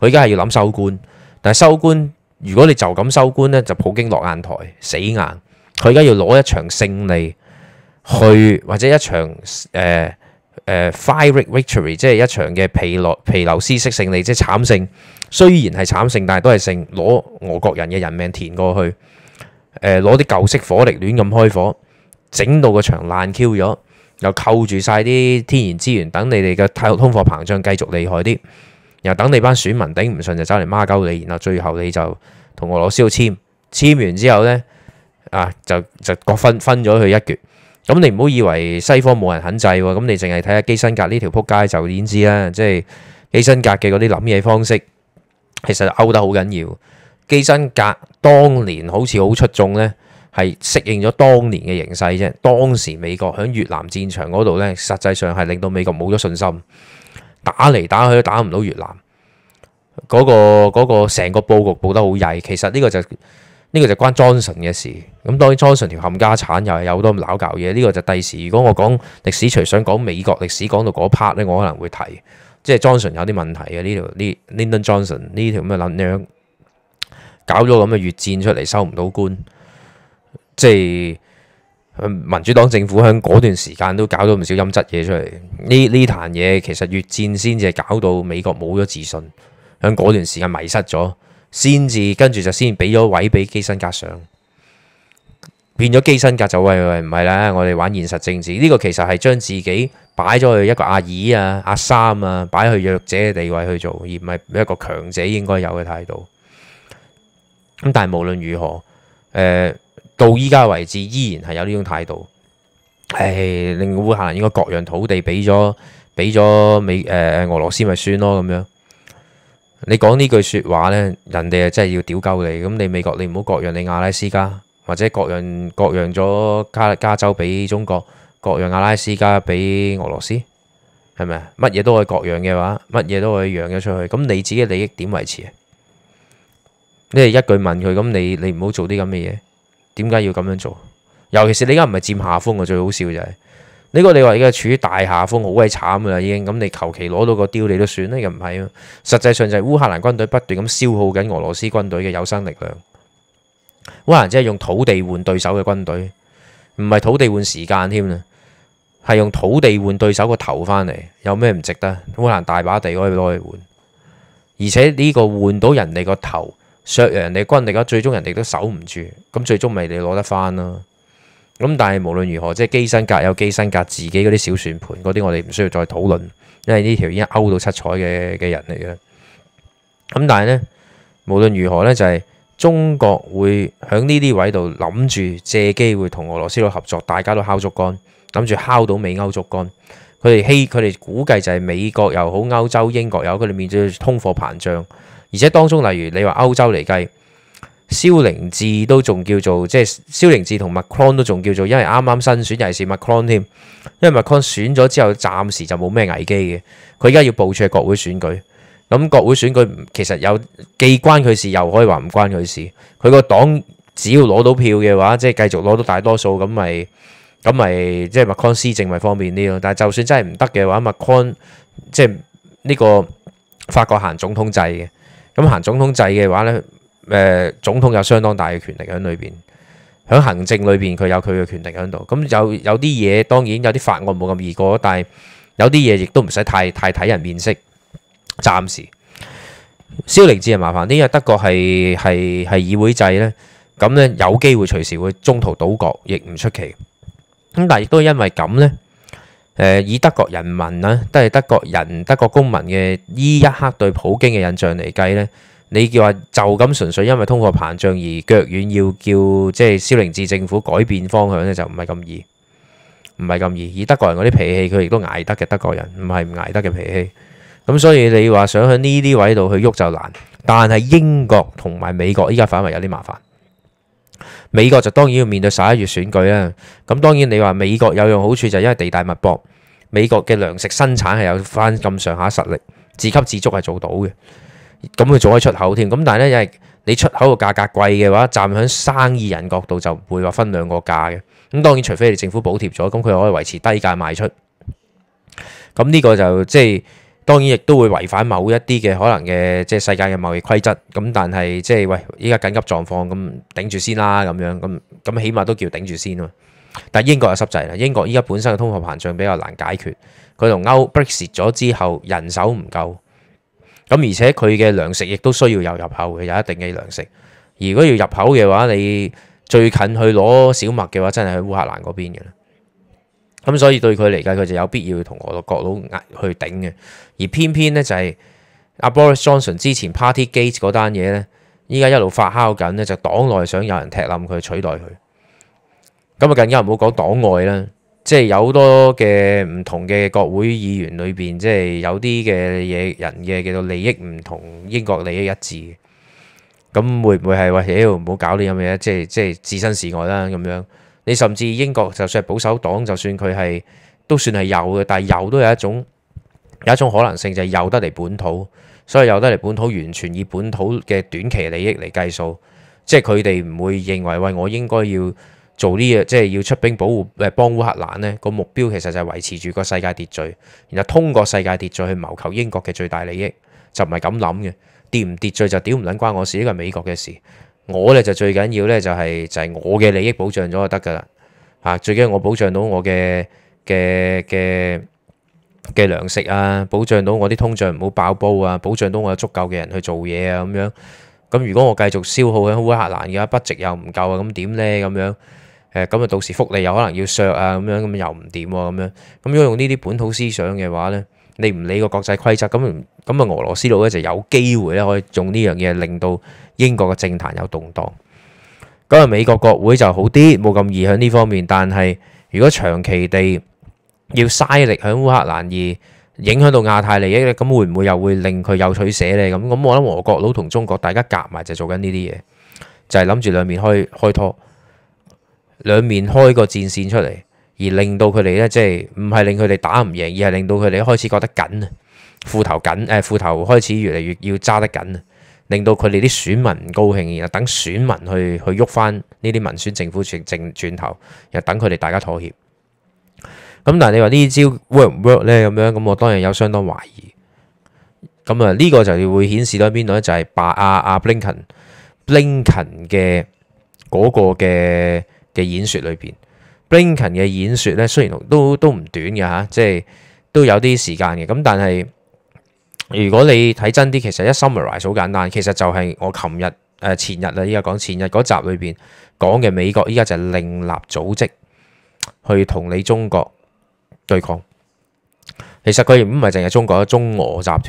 佢依家係要諗收官。但係收官，如果你就咁收官呢，就普京落硬台死硬。佢而家要攞一場勝利去，去或者一場誒誒 fire victory，即係一場嘅疲勞疲勞斯式勝利，即係慘勝。雖然係慘勝，但係都係勝，攞俄國人嘅人命填過去。誒，攞啲舊式火力亂咁開火，整到個場爛 Q 咗，又扣住晒啲天然資源，你等你哋嘅通貨膨脹繼續厲害啲，然後又等你班選民頂唔順就走嚟孖鳩你，然後最後你就同俄羅斯簽簽完之後呢，啊就就各分分咗佢一橛。咁你唔好以為西方冇人肯制喎，咁你淨係睇下基辛格呢條撲街就點知啦，即係基辛格嘅嗰啲諗嘢方式其實勾得好緊要。基辛格當年好似好出眾呢，係適應咗當年嘅形勢啫。當時美國喺越南戰場嗰度呢，實際上係令到美國冇咗信心，打嚟打去都打唔到越南。嗰個嗰個成個佈局佈得好曳，其實呢個就呢個就關 Johnson 嘅事。咁當然 Johnson 條冚家產又係有好多攪搞嘢。呢個就第時，如果我講歷史，除想講美國歷史講到嗰 part 呢，我可能會提，即係 Johnson 有啲問題嘅呢條呢。Lyndon Johnson 呢條咁嘅諗樣。搞咗咁嘅越戰出嚟，收唔到官，即係民主黨政府喺嗰段時間都搞咗唔少陰質嘢出嚟。呢呢壇嘢其實越戰先至係搞到美國冇咗自信，喺嗰段時間迷失咗，先至跟住就先俾咗位俾基辛格上，變咗基辛格就喂，喂唔係啦，我哋玩現實政治呢，這個其實係將自己擺咗去一個阿二啊、阿三啊，擺去弱者嘅地位去做，而唔係一個強者應該有嘅態度。咁但係無論如何，誒、呃、到依家為止依然係有呢種態度，係令烏克蘭應該割讓土地俾咗俾咗美誒、呃、俄羅斯咪算咯咁樣。你講呢句說話咧，人哋啊真係要屌鳩你，咁你美國你唔好割讓你阿拉斯加，或者割讓割讓咗加加州俾中國，割讓阿拉斯加俾俄羅斯，係咪？乜嘢都可以割讓嘅話，乜嘢都可以讓咗出去，咁你自己嘅利益點維持啊？你一句問佢咁，你你唔好做啲咁嘅嘢。點解要咁樣做？尤其是你而家唔係佔下風，最好笑就係呢個。你話而家處於大下風，好鬼慘㗎喇，已經咁。你求其攞到個丟，你都算啦，又唔係啊。實際上就係烏克蘭軍隊不斷咁消耗緊俄羅斯軍隊嘅有生力量。烏克蘭只係用土地換對手嘅軍隊，唔係土地換時間添啊，係用土地換對手個頭翻嚟，有咩唔值得？烏克蘭大把地可以攞去換，而且呢個換到人哋個頭。削人哋軍力，咁最終人哋都守唔住，咁最終咪你攞得翻啦。咁但係無論如何，即係基辛格有基辛格自己嗰啲小算盤嗰啲，我哋唔需要再討論，因為呢條已經歐到七彩嘅嘅人嚟嘅。咁但係呢，無論如何呢就係、是、中國會喺呢啲位度諗住借機會同俄羅斯佬合作，大家都敲竹竿，諗住敲到美歐竹竿。佢哋希佢哋估計就係美國又好，歐洲英國又好，佢哋面對通貨膨脹。而且當中，例如你話歐洲嚟計，蕭凌志都仲叫做即係蕭凌志同 Macron 都仲叫做，因為啱啱新選又係 Macron 添，因為 Macron 選咗之後，暫時就冇咩危機嘅。佢而家要部署係國會選舉，咁國會選舉其實有既關佢事，又可以話唔關佢事。佢個黨只要攞到票嘅話，即係繼續攞到大多數咁咪咁咪即係 Macron 施政咪方便啲咯。但係就算真係唔得嘅話，Macron 即係呢個法國行總統制嘅。咁行總統制嘅話咧，誒總統有相當大嘅權力喺裏邊，喺行政裏邊佢有佢嘅權力喺度。咁有有啲嘢，當然有啲法案冇咁易過，但係有啲嘢亦都唔使太太睇人面色。暫時蕭凌智係麻煩啲，因為德國係係係議會制咧，咁咧有機會隨時會中途倒閣，亦唔出奇。咁但係亦都因為咁咧。以德國人民咧，都係德國人、德國公民嘅呢一刻對普京嘅印象嚟計咧，你叫話就咁純粹因為通貨膨脹而腳軟，要叫即係蕭凌治政府改變方向呢就唔係咁易，唔係咁易。以德國人嗰啲脾氣，佢亦都捱得嘅。德國人唔係唔捱得嘅脾氣。咁所以你話想喺呢啲位度去喐就難，但係英國同埋美國依家反為有啲麻煩。美國就當然要面對十一月選舉啦，咁當然你話美國有樣好處就係因為地大物博，美國嘅糧食生產係有翻咁上下實力，自給自足係做到嘅，咁佢做開出口添，咁但係呢，因為你出口個價格貴嘅話，站喺生意人角度就唔會話分兩個價嘅，咁當然除非你政府補貼咗，咁佢可以維持低價賣出，咁呢個就即係。當然亦都會違反某一啲嘅可能嘅即係世界嘅貿易規則，咁但係即係喂依家緊急狀況咁頂住先啦咁樣，咁咁起碼都叫頂住先咯。但英國又濕滯啦，英國依家本身嘅通貨膨脹比較難解決，佢同歐 Brexit 咗之後人手唔夠，咁而且佢嘅糧食亦都需要有入口嘅，有一定嘅糧食。如果要入口嘅話，你最近去攞小麥嘅話，真係去烏克蘭嗰邊嘅。咁、嗯、所以對佢嚟講，佢就有必要同俄羅國佬去頂嘅。而偏偏咧就係、是、阿、啊、Boris Johnson 之前 Partygate 嗰單嘢咧，依家一路發酵緊咧，就是、黨內想有人踢冧佢取代佢。咁啊，更加唔好講黨外啦，即係有好多嘅唔同嘅國會議員裏邊，即係有啲嘅嘢人嘅叫做利益唔同英國利益一致嘅。咁會唔會係話妖唔好搞啲咁嘅？即係即係置身事外啦咁樣。你甚至英國就算係保守黨，就算佢係都算係有嘅，但係有都有一種有一種可能性，就係有得嚟本土，所以有得嚟本土完全以本土嘅短期利益嚟計數，即係佢哋唔會認為喂、哎、我應該要做啲嘢，即係要出兵保護誒幫烏克蘭咧個目標，其實就係維持住個世界秩序，然後通過世界秩序去謀求英國嘅最大利益，就唔係咁諗嘅。秩唔秩序就屌唔撚關我事，呢個係美國嘅事。我咧就最緊要咧就係就係我嘅利益保障咗就得噶啦嚇，最緊要我保障到我嘅嘅嘅嘅糧食啊，保障到我啲通脹唔好爆煲啊，保障到我有足夠嘅人去做嘢啊咁樣。咁如果我繼續消耗喺烏克蘭嘅話，不值又唔夠啊，咁點咧咁樣？誒咁啊，到時福利又可能要削啊咁樣，咁又唔掂喎咁樣？咁如果用呢啲本土思想嘅話咧，你唔理個國際規則，咁咁啊，俄羅斯佬咧就有機會咧可以用呢樣嘢令到。英國嘅政壇有動盪，咁啊美國國會就好啲，冇咁易喺呢方面。但係如果長期地要嘥力喺烏克蘭而影響到亞太利益咧，咁會唔會又會令佢有取捨咧？咁咁我諗俄國佬同中國大家夾埋就做緊呢啲嘢，就係諗住兩面開開拖兩面開個戰線出嚟，而令到佢哋呢，即係唔係令佢哋打唔贏，而係令到佢哋開始覺得緊，緊啊，褲頭緊誒，褲頭開始越嚟越要揸得緊。令到佢哋啲選民唔高興，然後等選民去去喐翻呢啲民選政府轉轉轉頭，又等佢哋大家妥協。咁但係你話呢招 work 唔 work 咧？咁樣咁我當然有相當懷疑。咁啊，呢個就要會顯示到喺邊度咧？就係把阿阿 Blinken 嘅嗰個嘅嘅演說裏邊，Blinken 嘅演說咧，雖然都都唔短嘅吓，即係都有啲時間嘅。咁但係。如果你睇真啲，其實一 summarize 好簡單，其實就係我琴日誒前日啦，依家講前日嗰集裏邊講嘅美國，依家就係另立組織去同你中國對抗。其實佢唔係淨係中國，中俄集團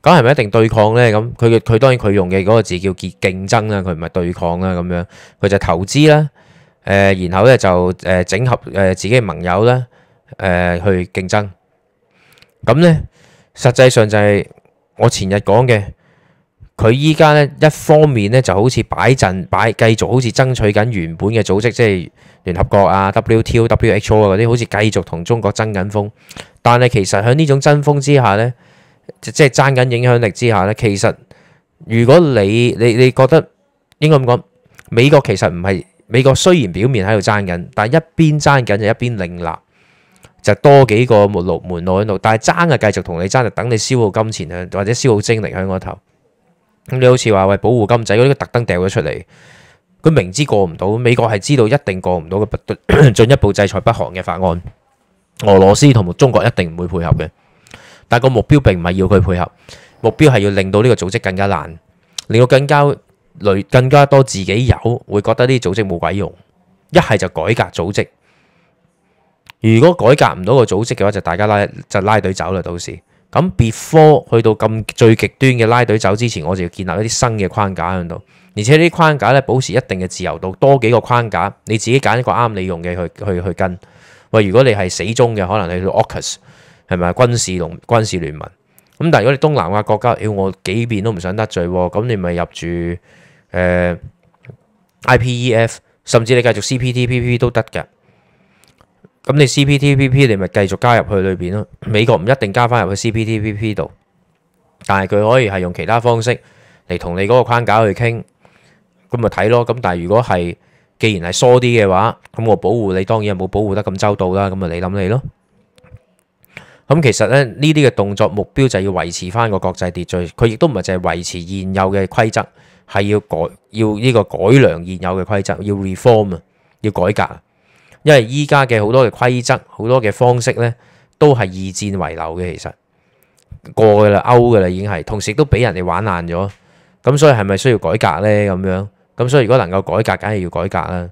咁係咪一定對抗咧？咁佢嘅佢當然佢用嘅嗰個字叫競競爭啦，佢唔係對抗啦咁樣，佢就投資啦，誒，然後咧就誒整合誒自己嘅盟友咧，誒去競爭。咁咧？實際上就係我前日講嘅，佢依家咧一方面咧就好似擺陣擺，繼續好似爭取緊原本嘅組織，即係聯合國啊、WTO、WHO 嗰啲，好似繼續同中國爭緊風。但係其實喺呢種爭風之下咧，即係爭緊影響力之下咧，其實如果你你你覺得應該咁講，美國其實唔係美國，雖然表面喺度爭緊，但係一邊爭緊就一邊另立。就多幾個門路門路喺度，但係爭啊，繼續同你爭，就等你消耗金錢或者消耗精力喺嗰頭。咁你好似話喂，保護金仔嗰啲，特登掉咗出嚟。佢明知過唔到，美國係知道一定過唔到嘅，進 [COUGHS] 一步制裁北韓嘅法案。俄羅斯同埋中國一定唔會配合嘅。但係個目標並唔係要佢配合，目標係要令到呢個組織更加難，令到更加累，更加多自己有會覺得呢個組織冇鬼用。一係就改革組織。如果改革唔到個組織嘅話，就大家拉就拉隊走啦。到時咁 before 去到咁最極端嘅拉隊走之前，我就要建立一啲新嘅框架喺度，而且呢啲框架咧保持一定嘅自由度，多幾個框架，你自己揀一個啱你用嘅去去去,去跟。喂，如果你係死忠嘅，可能你去到 AUKUS 係咪軍事同軍事聯盟？咁但係如果你東南亞國家，要、哎、我幾邊都唔想得罪，咁你咪入住誒、呃、IPEF，甚至你繼續 CPTPP 都得嘅。PP 咁你 CPTPP 你咪繼續加入去裏邊咯。美國唔一定加翻入去 CPTPP 度，但係佢可以係用其他方式嚟同你嗰個框架去傾，咁咪睇咯。咁但係如果係既然係疏啲嘅話，咁我保護你當然係冇保護得咁周到啦。咁咪你諗你咯。咁其實咧呢啲嘅動作目標就係要維持翻個國際秩序，佢亦都唔係淨係維持現有嘅規則，係要改要呢個改良現有嘅規則，要 reform 啊，要改革。因為依家嘅好多嘅規則，好多嘅方式咧，都係二戰遺留嘅，其實過嘅啦，out 嘅啦已經係，同時都俾人哋玩爛咗，咁所以係咪需要改革咧？咁樣咁所以如果能夠改革，梗係要改革啦。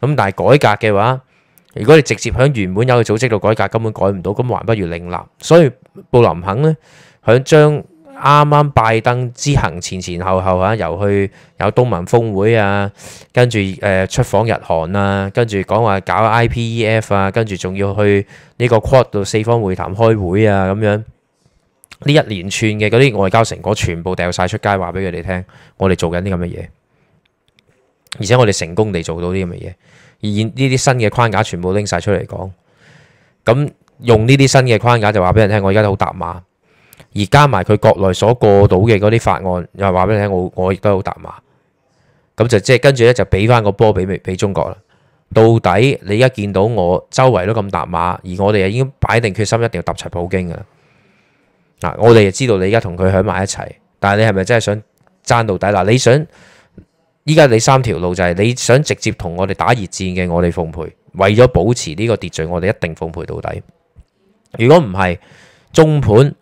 咁但係改革嘅話，如果你直接響原本有嘅組織度改革，根本改唔到，咁還不如另立。所以布林肯咧，響將。啱啱拜登之行前前後後啊，又去有東盟峰會啊，跟住誒、呃、出訪日韓啊，跟住講話搞 IPEF 啊，跟住仲要去呢個 QUAD 度四方會談開會啊，咁樣呢一連串嘅嗰啲外交成果全部掉晒出街，話俾佢哋聽，我哋做緊啲咁嘅嘢，而且我哋成功地做到啲咁嘅嘢，而呢啲新嘅框架全部拎晒出嚟講，咁用呢啲新嘅框架就話俾人聽，我而家都好搭馬。而加埋佢國內所過到嘅嗰啲法案，又話俾你聽，我我亦都好踏馬。咁就即係跟住咧，就俾翻個波俾俾中國啦。到底你而家見到我周圍都咁踏馬，而我哋又已經擺定決心，一定要踏齊普京噶啦嗱。我哋就知道你而家同佢響埋一齊，但係你係咪真係想爭到底嗱、啊？你想依家你三條路就係、是、你想直接同我哋打熱戰嘅，我哋奉陪。為咗保持呢個秩序，我哋一定奉陪到底。如果唔係中盤。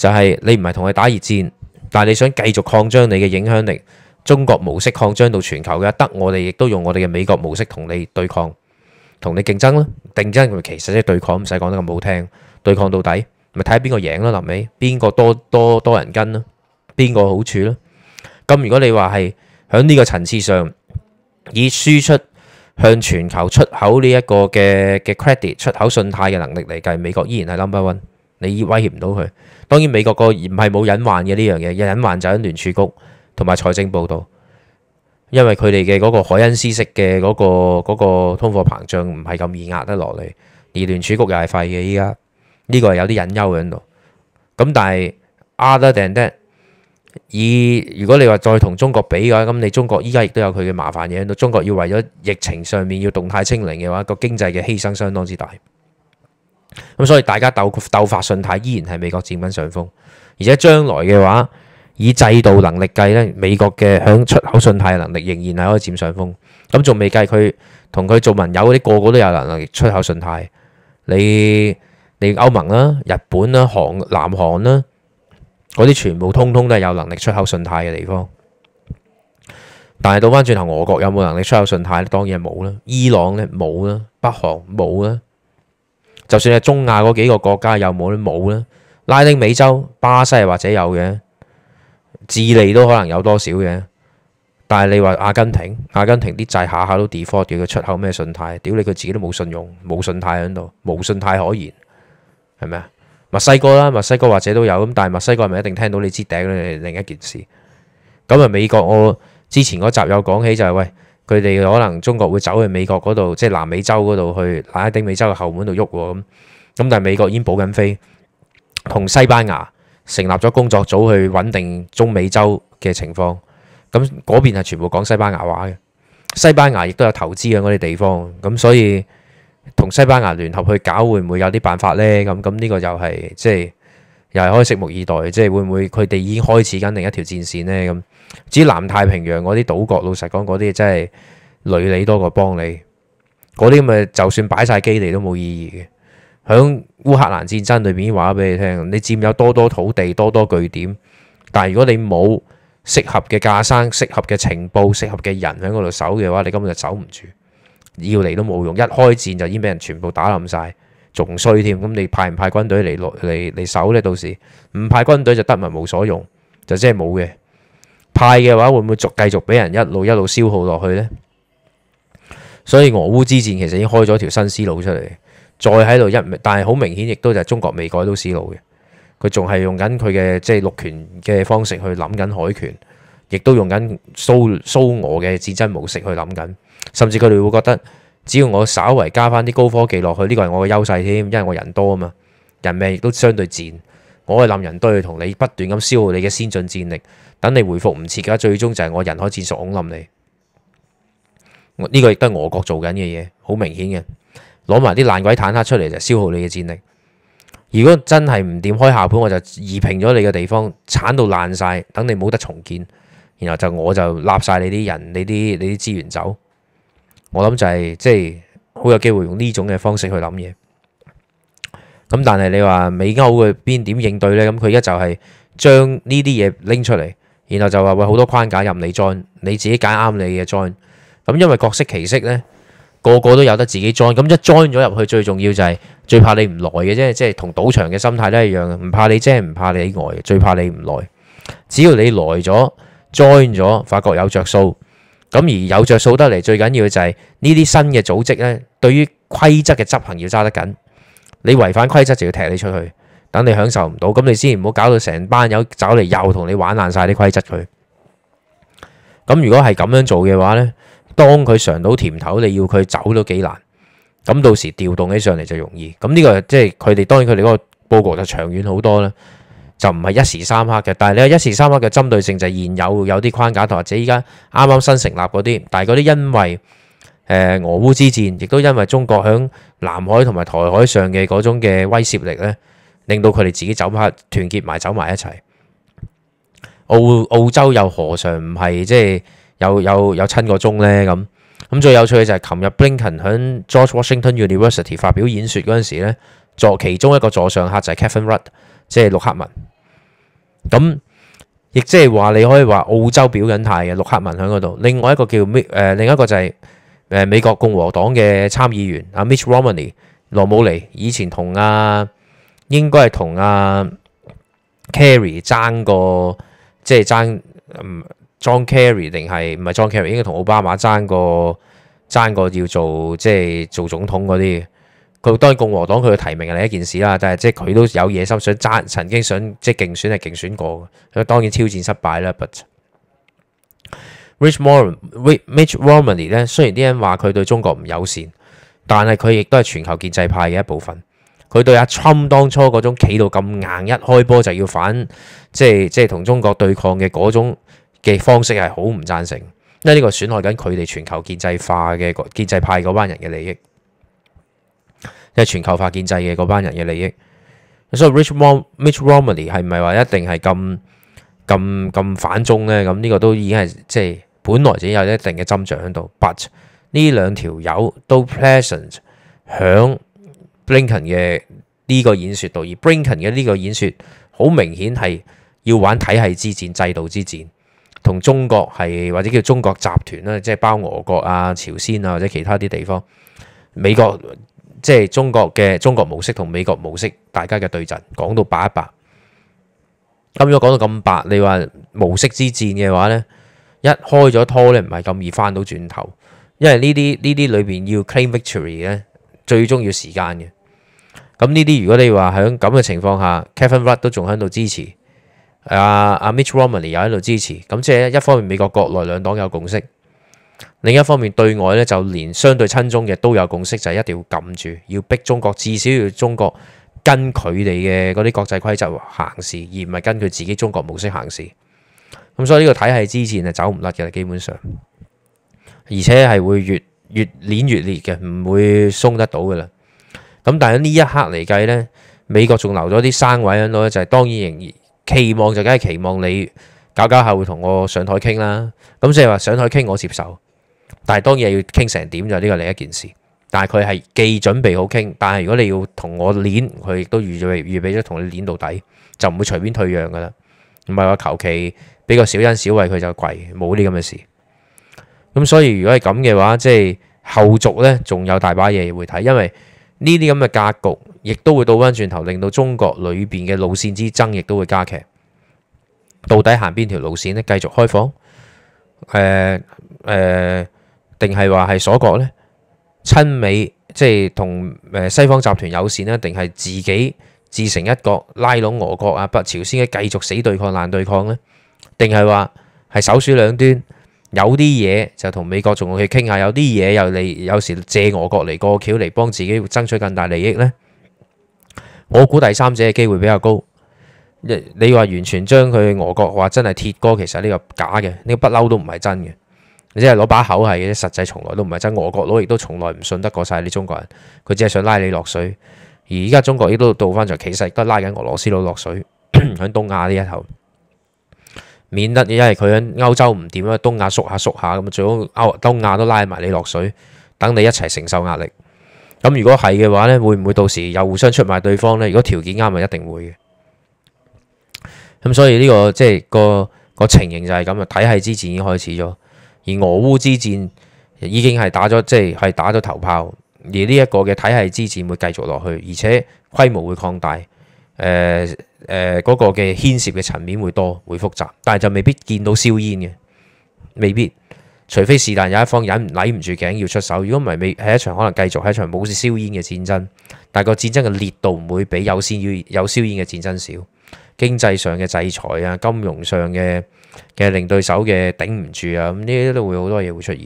就係你唔係同佢打熱戰，但係你想繼續擴張你嘅影響力，中國模式擴張到全球嘅，得我哋亦都用我哋嘅美國模式同你對抗，同你競爭咯。競爭其實即係對抗，唔使講得咁好聽，對抗到底咪睇下邊個贏咯？臨尾邊個多多多人跟咯，邊個好處咯？咁如果你話係喺呢個層次上以輸出向全球出口呢一個嘅嘅 credit 出口信貸嘅能力嚟計，美國依然係 number one，你威脅唔到佢。當然美國個唔係冇隱患嘅呢樣嘢，隱患就喺聯儲局同埋財政部度，因為佢哋嘅嗰個海恩斯式嘅嗰個嗰個通貨膨脹唔係咁易壓得落嚟，而聯儲局又係廢嘅依家，呢個係有啲隱憂喺度。咁但係 other than that，以如果你話再同中國比嘅話，咁你中國依家亦都有佢嘅麻煩嘢，喺度中國要為咗疫情上面要動態清零嘅話，個經濟嘅犧牲相當之大。咁、嗯、所以大家鬥鬥法，信貸依然係美國佔緊上風，而且將來嘅話以制度能力計咧，美國嘅響出口信貸能力仍然係可以佔上風。咁仲未計佢同佢做盟友嗰啲個個都有能力出口信貸，你你歐盟啦、日本啦、韓南韓啦，嗰啲全部通通都係有能力出口信貸嘅地方。但係倒翻轉頭，俄國有冇能力出口信貸？當然係冇啦。伊朗咧冇啦，北韓冇啦。就算係中亞嗰幾個國家有冇咧？冇咧，拉丁美洲巴西係或者有嘅，智利都可能有多少嘅。但係你話阿根廷，阿根廷啲債下下都 default 嘅，佢出口咩信貸？屌你佢自己都冇信用，冇信貸喺度，冇信貸可言，係咪啊？墨西哥啦，墨西哥或者都有咁，但係墨西哥係咪一定聽到你支頂咧？另一件事咁啊，美國我之前嗰集有講起就係、喂。佢哋可能中國會走去美國嗰度，即係南美洲嗰度去拉丁美洲嘅後門度喐咁，咁但係美國已經補緊飛，同西班牙成立咗工作組去穩定中美洲嘅情況，咁嗰邊係全部講西班牙話嘅，西班牙亦都有投資嘅嗰啲地方，咁所以同西班牙聯合去搞會唔會有啲辦法呢？咁咁呢個就係、是、即係。又係可以拭目以待，即係會唔會佢哋已經開始緊另一條戰線呢？咁至於南太平洋嗰啲島國，老實講，嗰啲真係累你多過幫你。嗰啲咁啊，就算擺晒基地都冇意義嘅。響烏克蘭戰爭裏邊已經話俾你聽，你佔有多多土地、多多據點，但係如果你冇適合嘅架生、適合嘅情報、適合嘅人喺嗰度守嘅話，你根本就守唔住，要嚟都冇用。一開戰就已經俾人全部打冧晒。仲衰添，咁你派唔派軍隊嚟落嚟嚟守咧？到時唔派軍隊就得民無所用，就即係冇嘅。派嘅話會會，會唔會續繼續俾人一路一路消耗落去呢？所以俄烏之戰其實已經開咗條新思路出嚟，再喺度一，但係好明顯亦都就係中國未改到思路嘅，佢仲係用緊佢嘅即係陸權嘅方式去諗緊海權，亦都用緊蘇蘇俄嘅戰爭模式去諗緊，甚至佢哋會覺得。只要我稍為加翻啲高科技落去，呢個係我嘅優勢添，因為我人多啊嘛，人命亦都相對賤，我係冧人堆，同你不斷咁消耗你嘅先進戰力，等你回復唔切噶，最終就係我人海戰術恐冧你。呢個亦都係俄國做緊嘅嘢，好明顯嘅，攞埋啲爛鬼坦克出嚟就消耗你嘅戰力。如果真係唔掂開下盤，我就移平咗你嘅地方，鏟到爛晒，等你冇得重建，然後就我就攬晒你啲人，你啲你啲資源走。我諗就係即係好有機會用呢種嘅方式去諗嘢，咁但係你話美歐嘅邊點應對呢？咁佢而家就係將呢啲嘢拎出嚟，然後就話喂，好多框架任你 join，你自己揀啱你嘅 join。咁因為各適其適咧，個個都有得自己 join。咁一 join 咗入去，最重要就係最怕你唔來嘅啫，即係同賭場嘅心態都一樣，唔怕你即係唔怕你呆，最怕你唔來。只要你來咗 join 咗，發覺有着數。咁而有着數得嚟，最緊要就係呢啲新嘅組織呢，對於規則嘅執行要揸得緊。你違反規則就要踢你出去，等你享受唔到，咁你先唔好搞到成班友走嚟又同你玩爛晒啲規則佢。咁如果係咁樣做嘅話呢，當佢嘗到甜頭，你要佢走都幾難。咁到時調動起上嚟就容易。咁呢個即係佢哋當然佢哋嗰個報告就長遠好多啦。就唔係一時三刻嘅，但係你話一時三刻嘅針對性就係現有有啲框架，同或者依家啱啱新成立嗰啲，但係嗰啲因為誒、呃、俄烏之戰，亦都因為中國響南海同埋台海上嘅嗰種嘅威懾力咧，令到佢哋自己走埋團結埋走埋一齊。澳澳洲又何嘗唔係即係有有有親個鐘咧？咁咁最有趣嘅就係琴日布林肯響 George Washington University 發表演説嗰陣時咧，座其中一個座上客就係 Kevin Rudd，即係陸克文。咁亦即係話，你可以話澳洲表緊態嘅，陸克文喺嗰度。另外一個叫咩？誒、呃，另一個就係誒美國共和黨嘅參議員阿 Mitch Romney 羅姆尼，以前同阿應該係同阿 Kerry 爭過，即係爭、嗯、John Kerry 定係唔係 John Kerry？應該同奧巴馬爭過，爭過要做，爭過要做即係做總統嗰啲。佢當然共和黨佢嘅提名係另一件事啦，但係即係佢都有野心想爭，曾經想即係競選係競選過嘅。當然挑戰失敗啦。But Rich Morin, Mitch Romney 咧，雖然啲人話佢對中國唔友善，但係佢亦都係全球建制派嘅一部分。佢對阿 Trump 當初嗰種企到咁硬，一開波就要反，即係即係同中國對抗嘅嗰種嘅方式係好唔贊成，因為呢個損害緊佢哋全球建制化嘅建制派嗰班人嘅利益。全球化建制嘅嗰班人嘅利益，所以 Richmond、Mitch Romney 係唔係話一定係咁咁咁反中咧？咁呢個都已經係即係本來就有一定嘅針鋭響度。But 呢兩條友都 present 響 Blinken 嘅呢個演說度，而 Blinken 嘅呢個演說好明顯係要玩體系之戰制度之戰，同中國係或者叫中國集團啦，即係包俄國啊、朝鮮啊或者其他啲地方，美國。即係中國嘅中國模式同美國模式，大家嘅對陣講到白一白。咁如果講到咁白，你話模式之戰嘅話呢，一開咗拖咧，唔係咁易返到轉頭，因為呢啲呢啲裏面要 claim victory 呢，最終要時間嘅。咁呢啲如果你話喺咁嘅情況下，Kevin Rudd 都仲喺度支持，阿、啊、阿 Mitch Romney 又喺度支持，咁即係一方面美國國內兩黨有共識。另一方面，對外咧就連相對親中嘅都有共識，就係一定要撳住，要逼中國，至少要中國跟佢哋嘅嗰啲國際規則行事，而唔係根據自己中國模式行事。咁所以呢個體系之前係走唔甩嘅，基本上，而且係會越越攣越裂嘅，唔會鬆得到嘅啦。咁但喺呢一刻嚟計咧，美國仲留咗啲生位喺度咧，就係當然仍期望就梗係期望你搞搞下會同我上台傾啦。咁即係話上台傾我接受。但係當然要傾成點，就呢個另一件事。但係佢係既準備好傾，但係如果你要同我攣，佢亦都預備預備咗同你攣到底，就唔會隨便退讓噶啦。唔係話求其俾個小恩小惠佢就跪，冇呢啲咁嘅事。咁所以如果係咁嘅話，即係後續呢，仲有大把嘢會睇，因為呢啲咁嘅格局亦都會倒返轉頭，令到中國裏邊嘅路線之爭亦都會加劇。到底行邊條路線呢？繼續開放？誒、呃、誒？呃定係話係鎖國呢？親美即係同誒西方集團友善咧，定係自己自成一國，拉攏俄國啊、北朝鮮嘅繼續死對抗、難對抗呢？定係話係首鼠兩端，有啲嘢就同美國仲去傾下，有啲嘢又嚟，有時借俄國嚟過橋嚟幫自己爭取更大利益呢？我估第三者嘅機會比較高。你你話完全將佢俄國話真係鐵哥，其實呢個假嘅，呢、呢個不嬲都唔係真嘅。你即係攞把口係嘅，實際從來都唔係真。俄國佬亦都從來唔信得過晒啲中國人，佢只係想拉你落水。而而家中國亦都倒翻，在其實都拉緊俄羅斯佬落水，喺 [COUGHS] 東亞呢一頭，免得因為佢喺歐洲唔掂啊，東亞縮下縮下咁，最好歐東亞都拉埋你落水，等你一齊承受壓力。咁如果係嘅話呢，會唔會到時又互相出賣對方呢？如果條件啱，就一定會嘅。咁所以呢、呢個即係個個情形就係咁啊，體系之前已經開始咗。而俄烏之戰已經係打咗，即係係打咗頭炮，而呢一個嘅體系之戰會繼續落去，而且規模會擴大，誒、呃、誒，嗰、呃嗰個嘅牽涉嘅層面會多，會複雜，但係就未必見到硝煙嘅，未必，除非是但有一方忍唔住頸要出手，如果唔係，係一場可能繼續係一場冇硝煙嘅戰爭，但係個戰爭嘅烈度唔會比有硝煙有硝煙嘅戰爭少，經濟上嘅制裁啊，金融上嘅。嘅令對手嘅頂唔住啊，咁呢啲都會好多嘢會出現，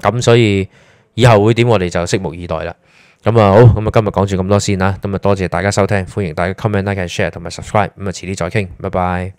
咁所以以後會點我哋就拭目以待啦。咁啊好，咁啊今日講住咁多先啦，咁啊多謝大家收聽，歡迎大家 comment、like、share 同埋 subscribe，咁啊遲啲再傾，拜拜。